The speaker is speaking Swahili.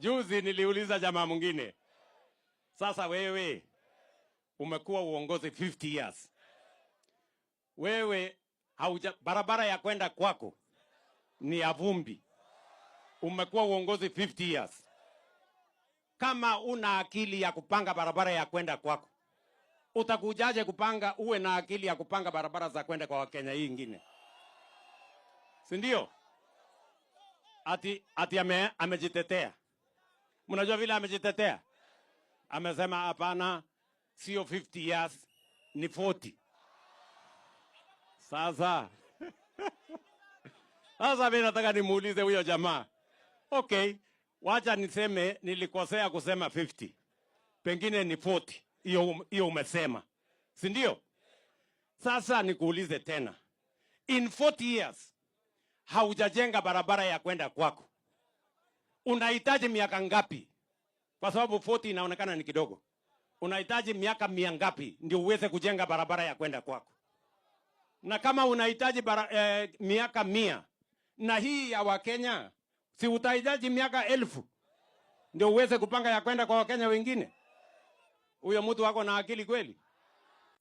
Juzi niliuliza jamaa mwingine, sasa wewe umekuwa uongozi 50 years, wewe hauja, barabara ya kwenda kwako ni ya vumbi, umekuwa uongozi 50 years. Kama una akili ya kupanga barabara ya kwenda kwako, utakujaje kupanga uwe na akili ya kupanga barabara za kwenda kwa Wakenya hii ingine, si ndio? Ati, ati ame, amejitetea Mnajua vile amejitetea, amesema hapana, sio 50 years ni 40. Sasa sasa mimi nataka nimuulize huyo jamaa, okay, wacha niseme nilikosea kusema 50, pengine ni 40. Hiyo um, hiyo umesema, si ndio? Sasa nikuulize tena, in 40 years haujajenga barabara ya kwenda kwako unahitaji miaka ngapi? Kwa sababu 40 inaonekana ni kidogo. Unahitaji miaka mia ngapi ndio uweze kujenga barabara ya kwenda kwako? Na kama unahitaji eh, miaka mia na hii ya Wakenya, si utahitaji miaka elfu ndio uweze kupanga ya kwenda kwa Wakenya wengine? Huyo mtu wako na akili kweli?